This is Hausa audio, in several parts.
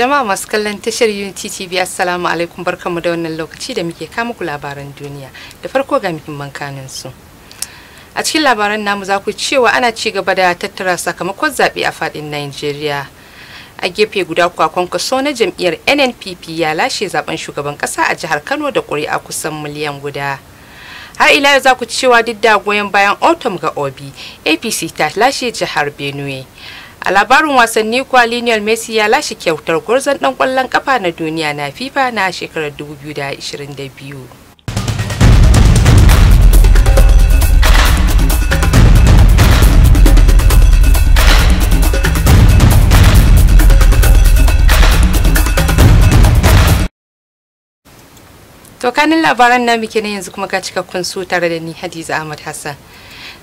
Jama'a masu kallon tashar Unity TV Assalamu alaikum barkanmu da wannan lokaci da muke kama ku labaran duniya. Da farko ga muhimman kanin su. A cikin labaran namu za ku cewa ana ci gaba da tattara sakamakon zaɓe a faɗin Najeriya. A gefe guda kuwa, Kwankwaso na jam'iyyar NNPP ya lashe zaben shugaban ƙasa a jihar Kano da ƙuri'a kusan miliyan guda. har ila yau za ku cewa duk da goyon bayan Otom ga obi apc ta lashe jihar benue a labarin wasanni kuwa lionel messi ya lashe kyautar gwarzon dan kwallon kafa na duniya na fifa na shekarar 2022 To kanin labaran na muke na yanzu kuma ka cika su tare da ni Hadiza Ahmad Hassan.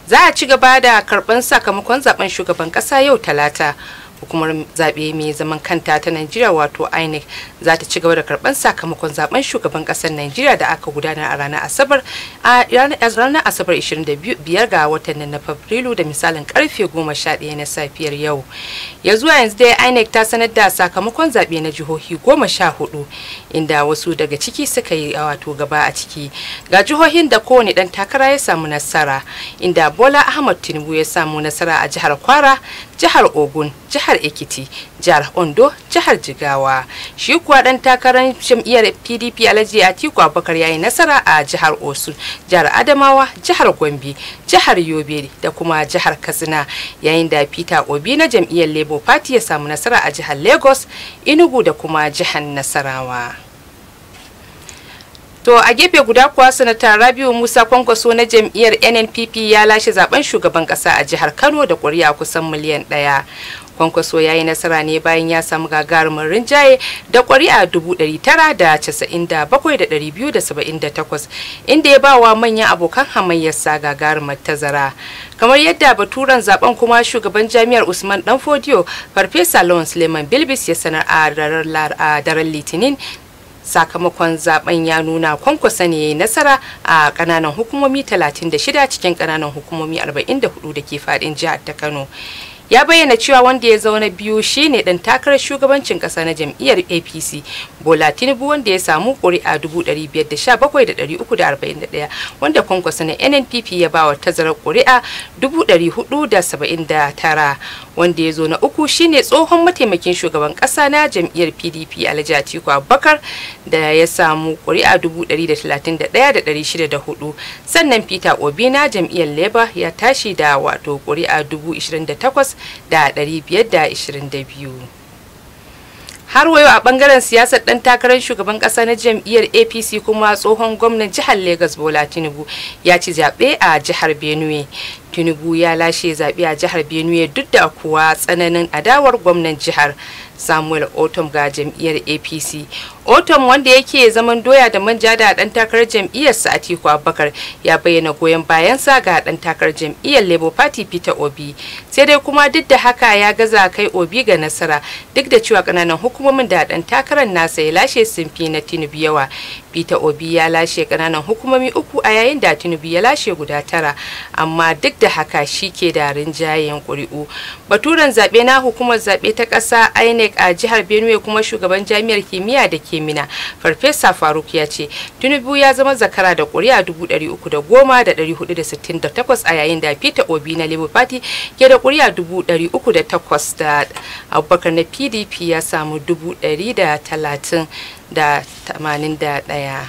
za a ci gaba da karɓar sakamakon zaben shugaban ƙasa yau talata hukumar zaɓe mai zaman kanta ta Najeriya wato INEC za ta ci gaba da karɓar sakamakon zaben shugaban ƙasar Najeriya da aka gudana a ranar Asabar a ranar Asabar 25 ga watan nan na Fabrilu da misalin karfe 11 na safiyar yau. Ya zuwa yanzu dai INEC ta sanar da sakamakon zaɓe na jihohi 14 inda wasu daga ciki suka yi wato gaba a ciki. Ga jihohin da kowane ɗan takara ya samu nasara inda Bola Ahmad Tinubu ya samu nasara a jihar Kwara, jihar Ogun, jihar Ekiti, jihar Ondo, jihar Jigawa. Shi kuwa dan takarar jam'iyyar PDP Alhaji Atiku Abubakar yayi nasara a jihar Osun, jihar Adamawa, jihar Gombe, jihar Yobe da kuma jihar Katsina. Yayin da Peter Obi na jam'iyyar Labour Party ya samu nasara a jihar Lagos, Enugu da kuma jihar Nasarawa. To a gefe guda kuwa sanata Rabiu Musa Kwankwaso na jam'iyyar NNPP ya lashe zaben shugaban kasa a jihar Kano da ƙuri'a kusan miliyan ɗaya. kwankwaso ya yi nasara ne bayan ya samu gagarumin rinjaye da ƙuri'a 997,278 inda ya ba wa manyan abokan hamayyarsa gagarumar tazara kamar yadda baturan zaben kuma shugaban jami'ar usman danfodiyo farfesa lawan suleiman bilbis ya sanar a daren litinin sakamakon zaben ya nuna kwankwasa ne ya yi nasara a kananan hukumomi 36 cikin kananan hukumomi 44 da ke fadin jihar ta kano ya bayyana cewa wanda ya zauna biyu shine dan takarar shugabancin kasa na jam'iyyar apc bola tinubu wanda ya samu ƙuri'a 517,341 wanda kwankwasa na nnpp ya bawa tazarar ƙuri'a 479 wanda ya zo na uku shine tsohon mataimakin shugaban kasa na jam'iyyar pdp alhaji atiku abubakar da ya samu ƙuri'a 131,604 sannan peter obi na jam'iyyar labour ya tashi da wato ƙuri'a 28 da har wayo a bangaren siyasar dan takarar shugaban kasa na jam'iyyar apc kuma tsohon gwamnan jihar lagos bola tinubu ya ci zaɓe a jihar benue tinubu ya lashe zaɓe a jihar benue duk da kuwa tsananin adawar gwamnan jihar samuel otom ga jam'iyyar apc otom wanda yake zaman doya da manja da ɗan jam'iyyar jam'iyyarsa atiku abubakar ya bayyana goyon bayansa ga ɗan takarar jam'iyyar labour party peter obi sai dai kuma duk da haka ya gaza kai obi ga nasara duk da cewa ƙananan hukumomin da ɗan takarar nasa ya lashe sun na tinubu yawa peter obi ya lashe ƙananan hukumomi uku a yayin da tinubu ya lashe guda tara amma duk yadda haka shi ke da rinjayen ƙuri'u baturen zaɓe na hukumar zaɓe ta ƙasa inec a jihar benue kuma shugaban jami'ar kimiyya da ke mina farfesa faruk ya ce tinubu ya zama zakara da ƙuri'a dubu ɗari uku da goma da ɗari hudu da sittin da takwas a yayin da peter obi na labour party ke da ƙuri'a dubu ɗari uku da takwas da abubakar na pdp ya samu dubu ɗari da talatin da tamanin da ɗaya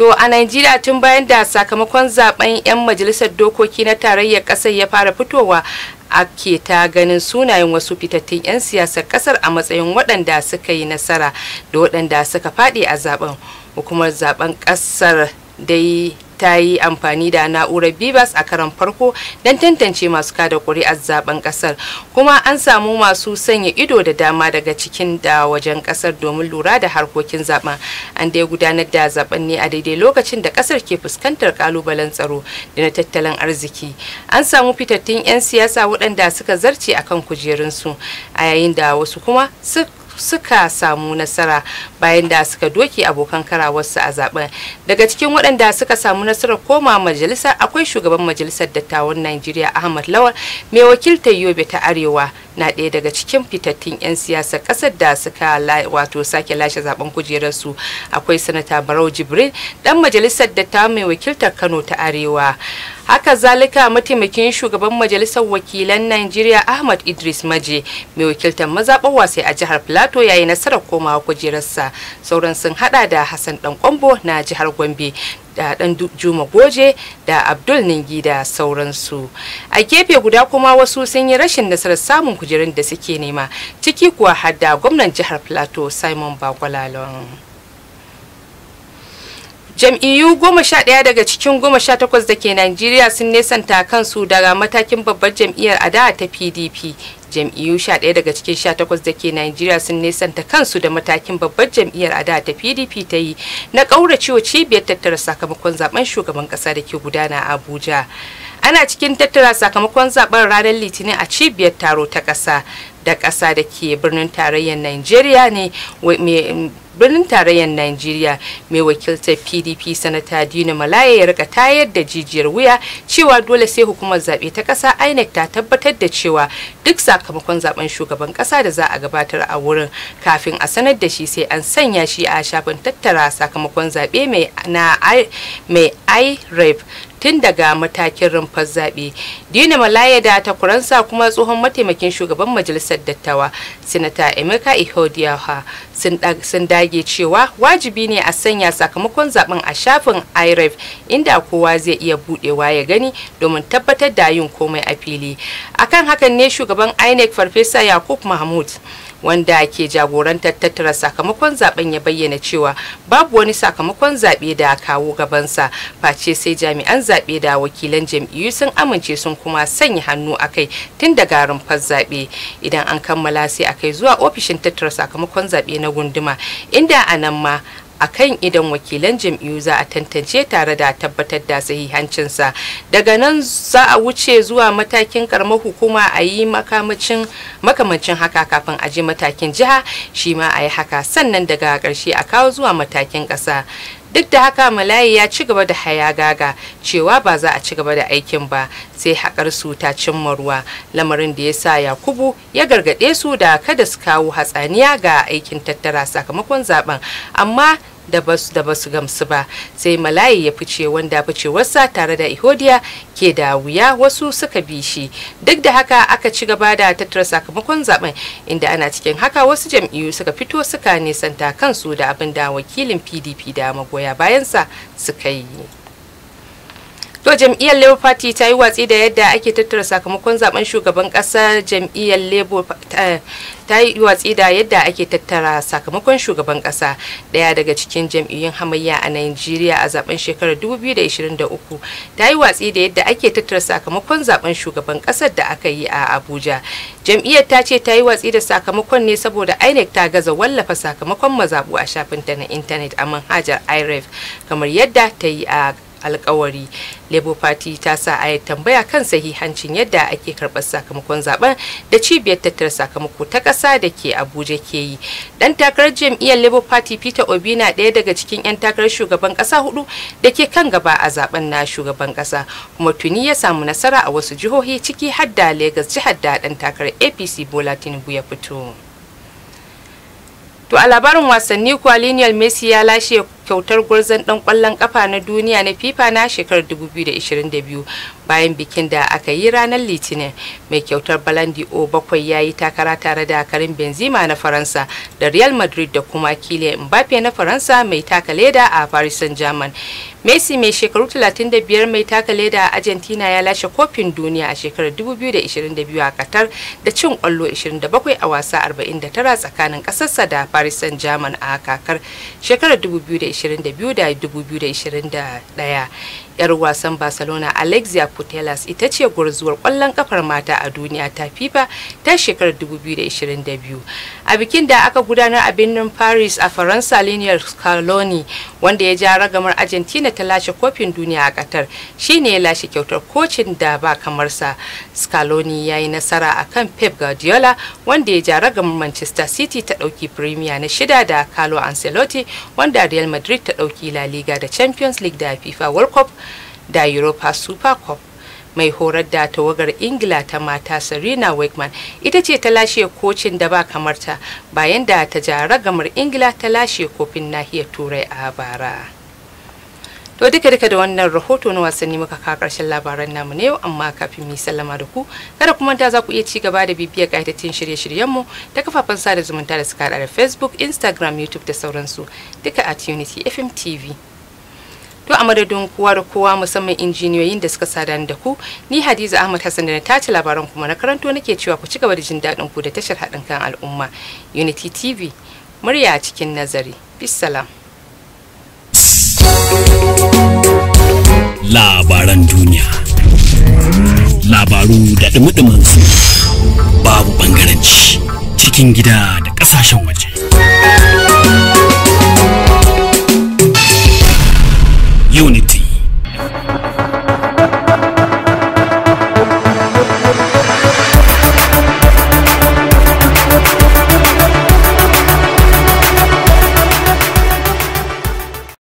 To a Najeriya tun bayan da sakamakon zaben 'yan majalisar dokoki na tarayyar ƙasar ya fara fitowa ake ta ganin sunayen wasu fitattun 'yan siyasar ƙasar a matsayin waɗanda suka yi nasara da waɗanda suka faɗi a zaben. Hukumar zaben ƙasar dai ta yi amfani da na'urar bibas a karan farko don tantance masu kada ƙuri'ar zaben ƙasar kuma an samu masu sanya ido da dama daga cikin da wajen kasar domin lura da harkokin zaben an dai gudanar da zaben ne a daidai lokacin da ƙasar ke fuskantar ƙalubalen tsaro da na tattalin arziki an samu fitattun 'yan siyasa waɗanda suka zarce akan kujerunsu a yayin da wasu kuma suka suka samu nasara bayan da suka doke abokan karawarsu a zaben daga cikin waɗanda suka samu nasarar koma majalisa akwai shugaban majalisar dattawan najeriya ahmad lawal mai wakiltar yobe ta arewa na ɗaya daga cikin fitattun 'yan siyasa ƙasar da suka wato sake lashe zaben kujerarsu akwai sanata barau jibril dan majalisar dattawan mai wakiltar kano ta arewa haka zalika mataimakin shugaban majalisar wakilan najeriya ahmad idris maje mai wakiltar mazaɓar wasai a jihar plateau yayi nasarar komawa kujerarsa sauran sun hada da hassan dan kwambo na jihar gombe da dan juma goje da abdul ningi da sauransu a gefe guda kuma wasu sun yi rashin nasarar samun kujerun da suke nema ciki kuwa hadda gwamnan jihar plateau simon bakwalalon jam'iyyu goma sha ɗaya daga cikin goma sha takwas da ke najeriya sun nesanta kansu daga matakin babbar jam'iyyar ada ta pdp jam'iyyu sha ɗaya daga cikin sha takwas da ke najeriya sun nesanta kansu da matakin babbar jam'iyyar ada ta pdp ta yi na ciwo cibiyar tattara sakamakon zaben shugaban ƙasa da ke gudana a abuja ana cikin tattara sakamakon zaben ranar litinin a cibiyar taro ta ƙasa da ƙasa da ke birnin tarayyar najeriya ne birnin tarayyar Najeriya mai wakiltar PDP sanata Dina Malaya ya rika tayar da jijiyar wuya cewa dole sai hukumar zaɓe ta ƙasa INEC ta tabbatar da cewa duk sakamakon zaben shugaban ƙasa da za a gabatar a wurin kafin a sanar da shi sai an sanya shi a shafin tattara sakamakon zaɓe mai na IREP tun daga matakin rumfar zaɓe. Dina Malaya da takwaransa kuma tsohon mataimakin shugaban majalisar dattawa, Sinata Emeka Ihodiyaha sun da zage cewa wajibi ne a sanya sakamakon zaben a shafin iref inda kowa zai iya budewa ya gani domin tabbatar da yin komai a fili akan hakan ne shugaban inec farfesa yakub mahmud wanda ke jagorantar tattara sakamakon zaben ya bayyana cewa babu wani sakamakon zaɓe da kawo gabansa face sai jami'an zaɓe da wakilan jam'iyyu sun amince sun kuma sanya hannu a kai tun daga rumfar zaɓe idan an kammala sai a kai zuwa ofishin tattara sakamakon zaɓe na gunduma inda a nan ma akan idan wakilan jam'iyyu za a tantance tare da tabbatar da sahihancinsa daga nan za a wuce zuwa matakin karamar hukuma a yi makamancin haka kafin a je matakin jiha shi ma a yi haka sannan daga ƙarshe a kawo zuwa matakin ƙasa duk da haka malayi ya ci gaba da hayagaga cewa ba za a ci gaba da aikin ba sai haƙar su ta cimma ruwa lamarin da ya sa yakubu ya gargaɗe su da kada su kawo hatsaniya ga aikin tattara sakamakon zaben amma da basu da gamsu ba sai malayi ya fice wanda ficewarsa tare da ihodiya ke da wuya wasu suka bi shi duk da haka aka ci gaba da tattara sakamakon zaben inda ana cikin haka wasu jam'iyyu suka fito suka nisanta kansu da abin da wakilin pdp da magoya bayansa suka yi To jam'iyyar Labour Party ta yi watsi da yadda ake tattara sakamakon zaben shugaban kasa jam'iyyar Labour ta yi watsi da yadda ake tattara sakamakon shugaban kasa daya daga cikin jam'iyyun hamayya a Najeriya a zaben shekarar 2023 ta yi watsi da yadda ake tattara sakamakon zaben shugaban kasar da aka yi a Abuja. Jam'iyyar ta ce ta yi watsi da sakamakon ne saboda INEC ta gaza wallafa sakamakon mazabu a shafinta na intanet a manhajar IREF kamar yadda ta yi a alkawari labour party ta sa a tambaya kan sahihancin yadda ake karɓar sakamakon zaben da cibiyar tattara sakamako ta ƙasa da ke abuja ke yi dan takarar jam'iyyar labour party peter obi na ɗaya daga cikin 'yan takarar shugaban ƙasa hudu da ke kan gaba a zaben na shugaban ƙasa kuma tuni ya samu nasara a wasu jihohi ciki har da lagos jihar da ɗan takarar apc bola tinubu ya fito to a labarin wasanni kuwa lionel messi ya lashe kyautar gwarzon ɗan kwallon ƙafa na duniya na FIFA na shekarar 2022 bayan bikin da aka yi ranar Litinin. Mai kyautar Balandi O bakwai ya yi takara tare da Karim Benzema na Faransa da Real Madrid da kuma Kylian Mbappe na Faransa mai taka leda a Paris Saint-Germain. Messi mai shekaru 35 mai taka leda a Argentina ya lashe kofin duniya a shekarar 2022 a Qatar da cin kwallo 27 a wasa 49 tsakanin kasarsa da Paris Saint-Germain a kakar shekarar 2022. 2022 da 2021 'yar wasan barcelona alexia putellas ita ce gurzuwar kwallon kafar mata a duniya ta fifa ta shekarar 2022 a bikin da aka gudanar a birnin paris a faransa linear scaloni wanda ya ja ragamar argentina ta lashe kofin duniya a qatar shine ya lashe kyautar kocin da ba kamarsa scaloni ya yi nasara a kan pep guardiola wanda ya ja ragamar manchester city ta ɗauki premier na shida da carlo ancelotti wanda real madrid ta ɗauki la liga da champions league da fifa world cup da Europa Super Cup. mai horar da tawagar ingila ta mata serena wickman ita ce ta lashe kocin da ba kamarta bayan da ta ja ragamar ingila ta lashe kofin nahiyar turai a bara to duka duka da wannan rahoto na wasanni muka kawo karshen labaran namu ne amma kafin mu sallama da ku kada kuma ta za ku iya ci gaba da bibiyar kaitattun shirye shiryen mu ta kafafen sada zumunta da suka da facebook instagram youtube da sauransu duka a unity fm tv duk a madadin kowa da kowa musamman injiniyoyin da suka sada da ku ni hadiza ahmad hassan da na tace labaran kuma na karanto nake cewa ku ci da jin daɗin ku da tashar haɗin kan al'umma unity tv murya cikin nazari bisalam labaran duniya labaru da dumi babu bangaranci cikin gida da ƙasashen waje.